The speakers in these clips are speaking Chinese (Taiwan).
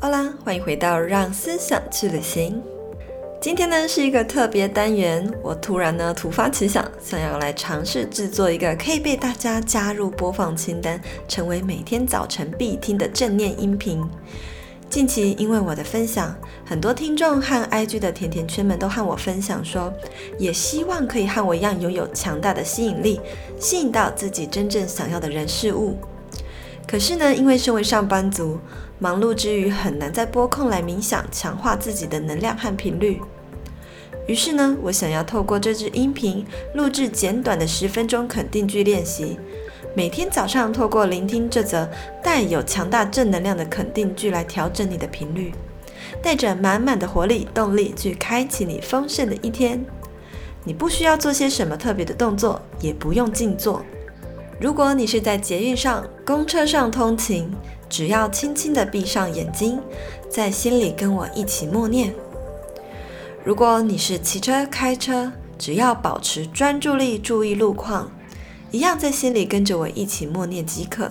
好啦，歡迎回到《讓思想去旅行》。今天呢是一個特別單元，我突然呢突發奇想，想要來嘗試製作一個可以被大家加入播放清單，成為每天早晨必聽的正念音頻。近期因為我的分享，很多聽眾和 IG 的甜甜圈們都和我分享說，也希望可以和我一樣擁有強大的吸引力，吸引到自己真正想要的人事物。可是呢，因為身為上班族，忙碌之餘，很難再撥空來冥想，強化自己的能量和頻率。於是呢，我想要透過這支音頻錄製簡短的十分鐘肯定句練習，每天早上透過聆聽這則帶有強大正能量的肯定句來調整你的頻率，帶着滿滿的活力、動力去開啟你豐盛的一天。你不需要做些什麼特別的動作，也不用靜坐。如果你是在捷運上、公車上通勤，只要輕輕的閉上眼睛，在心裡跟我一起默念。如果你是騎車、開車，只要保持專注力，注意路況，一樣在心裡跟着我一起默念即可。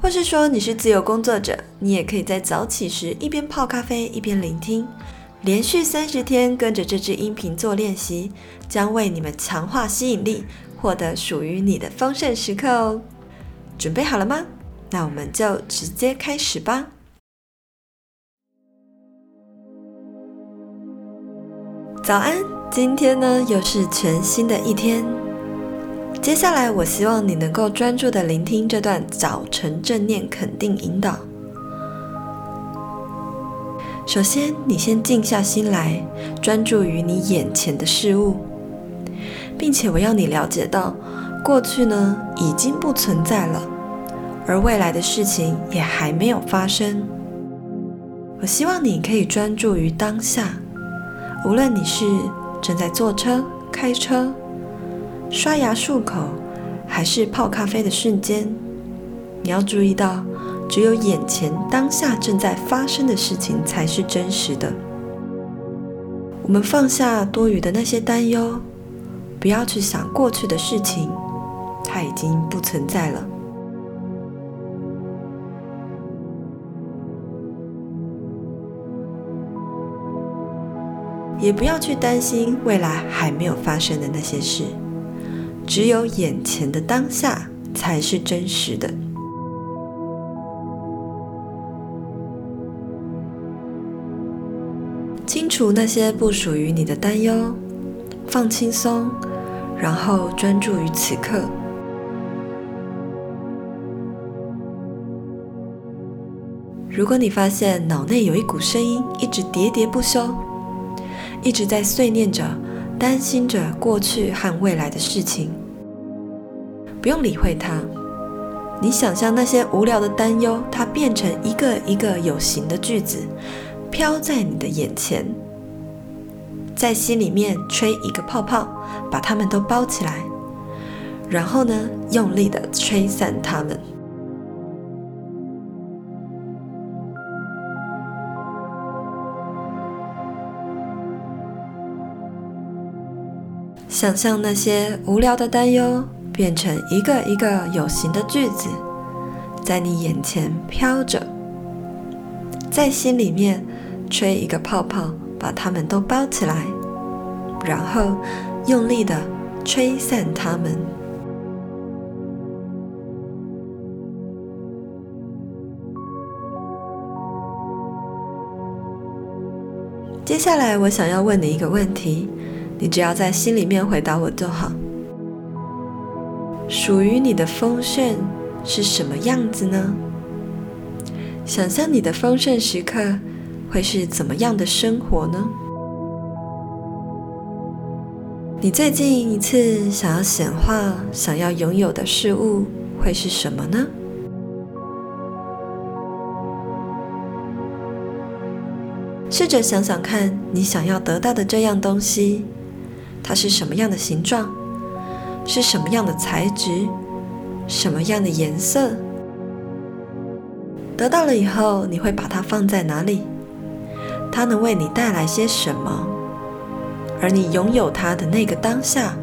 或是說你是自由工作者，你也可以在早起時一邊泡咖啡一邊聆聽。連續三十天跟着這支音頻做練習，將為你們強化吸引力，獲得屬於你的豐盛時刻哦！準備好了嗎？那我們就直接開始吧。早安，今天呢又是全新的一天。接下來，我希望你能夠專注的聆聽這段早晨正念肯定引導。首先，你先靜下心來，專注於你眼前的事物，並且我要你了解到，過去呢已經不存在了。而未來的事情也還沒有發生。我希望你可以專注於當下，無論你是正在坐車、開車、刷牙漱口，還是泡咖啡的瞬間，你要注意到，只有眼前當下正在發生的事情才是真實的。我們放下多餘的那些擔憂，不要去想過去的事情，它已經不存在了。也不要去擔心未來還沒有發生的那些事，只有眼前的當下才是真實的。清除那些不屬於你的擔憂，放輕鬆，然後專注於此刻。如果你發現腦內有一股聲音一直喋喋不休，一直在碎念着，擔心着過去和未來的事情。不用理會他，你想象那些無聊的擔憂，它變成一個一個有形的句子，飄在你的眼前。在心裡面吹一個泡泡，把它們都包起來，然後呢，用力的吹散它們。想象那些無聊的擔憂，變成一個一個有形的句子，在你眼前飄着，在心裡面吹一個泡泡，把它們都包起來，然後用力的吹散它們。接下來，我想要問你一個問題。你只要在心裡面回答我就好。屬於你的豐盛是什麼樣子呢？想象你的豐盛時刻會是怎麼樣的生活呢？你最近一次想要顯化、想要擁有的事物會是什麼呢？試着想想看你想要得到的這樣東西。它是什麼樣的形狀？是什麼樣的材質？什麼樣的顏色？得到了以後，你會把它放在哪裡？它能為你帶來些什麼？而你擁有它的那個當下，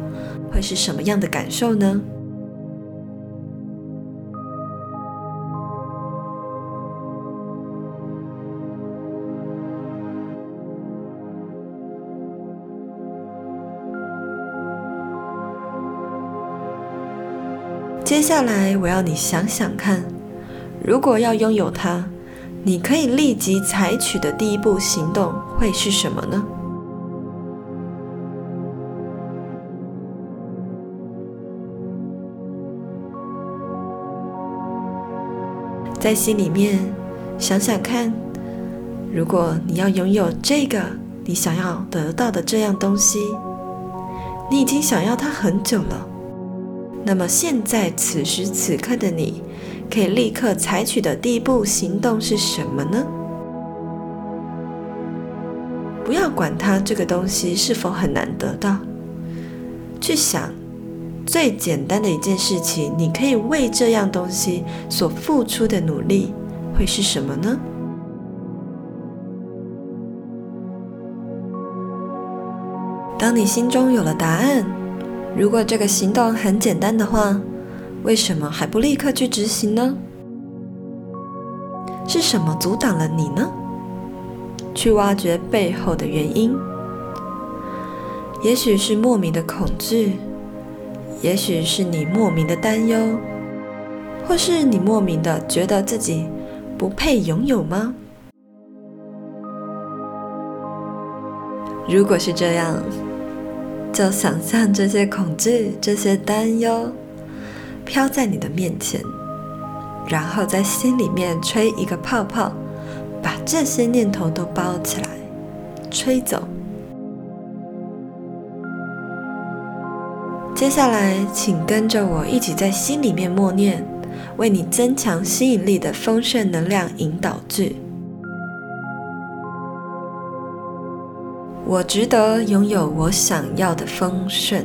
會是什麼樣的感受呢？接下來，我要你想想看，如果要擁有它，你可以立即採取的第一步行動會是什麼呢？在心裡面想想看，如果你要擁有這個你想要得到的這樣東西，你已經想要它很久了。那麼現在此時此刻的你，可以立刻採取的第一步行動是什麼呢？不要管它這個東西是否很難得到，去想最簡單的一件事情，你可以為這樣東西所付出的努力會是什麼呢？當你心中有了答案。如果這個行動很簡單的話，為什麼還不立刻去執行呢？是什麼阻擋了你呢？去挖掘背後的原因，也許是莫名的恐懼，也許是你莫名的擔憂，或是你莫名的覺得自己不配擁有嗎？如果是這樣。就想象這些恐懼、這些擔憂飄在你的面前，然後在心裡面吹一個泡泡，把這些念頭都包起來，吹走。接下來，請跟着我一起在心裡面默念，為你增強吸引力的豐盛能量引導句。我值得擁有我想要的豐盛。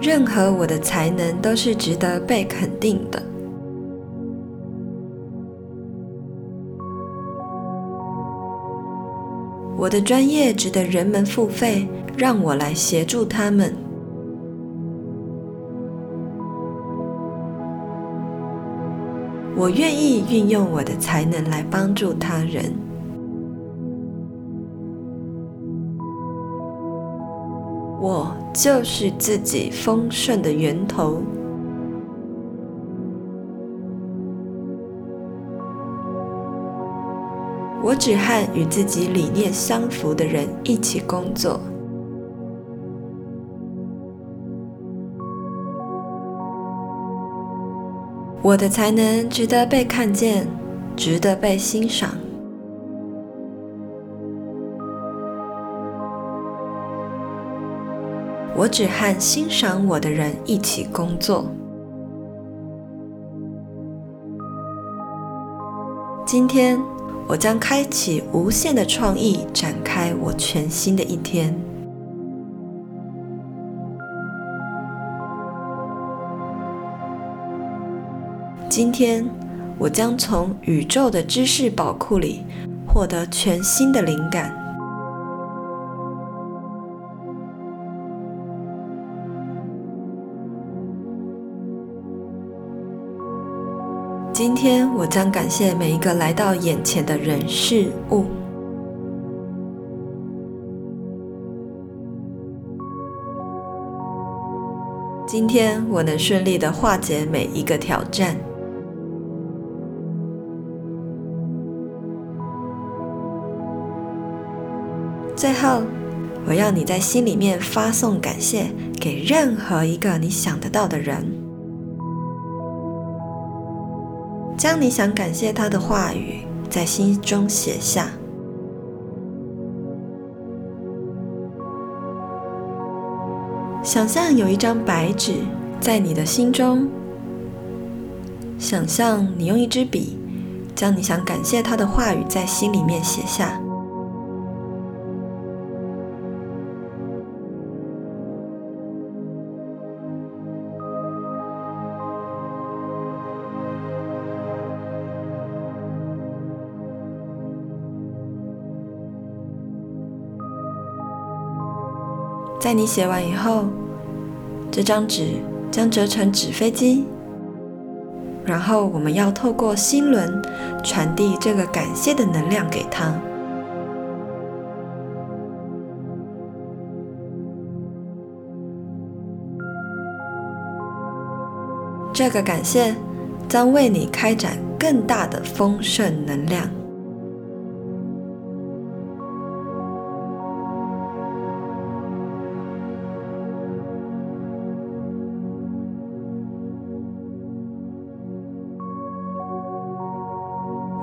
任何我的才能都是值得被肯定的。我的專業值得人們付費，讓我來協助他們。我願意運用我的才能來幫助他人。我就是自己豐盛的源頭。我只和與自己理念相符的人一起工作。我的才能值得被看見，值得被欣賞。我只和欣賞我的人一起工作。今天，我將開啟無限的創意，展開我全新的一天。今天，我將從宇宙的知識寶庫裡獲得全新的靈感。今天，我將感謝每一個來到眼前的人事物。今天，我能順利的化解每一個挑戰。最後，我要你在心裡面發送感謝給任何一個你想得到的人，將你想感謝他的話語在心中寫下。想象有一張白紙在你的心中，想象你用一支筆，將你想感謝他的話語在心裡面寫下。在你寫完以後，這張紙將折成紙飛機，然後我們要透過心輪傳遞這個感謝的能量給他。這個感謝將為你開展更大的豐盛能量。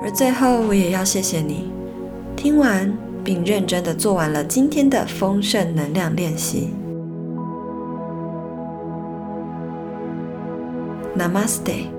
而最後，我也要謝謝你，聽完並認真地做完了今天的豐盛能量練習。Namaste。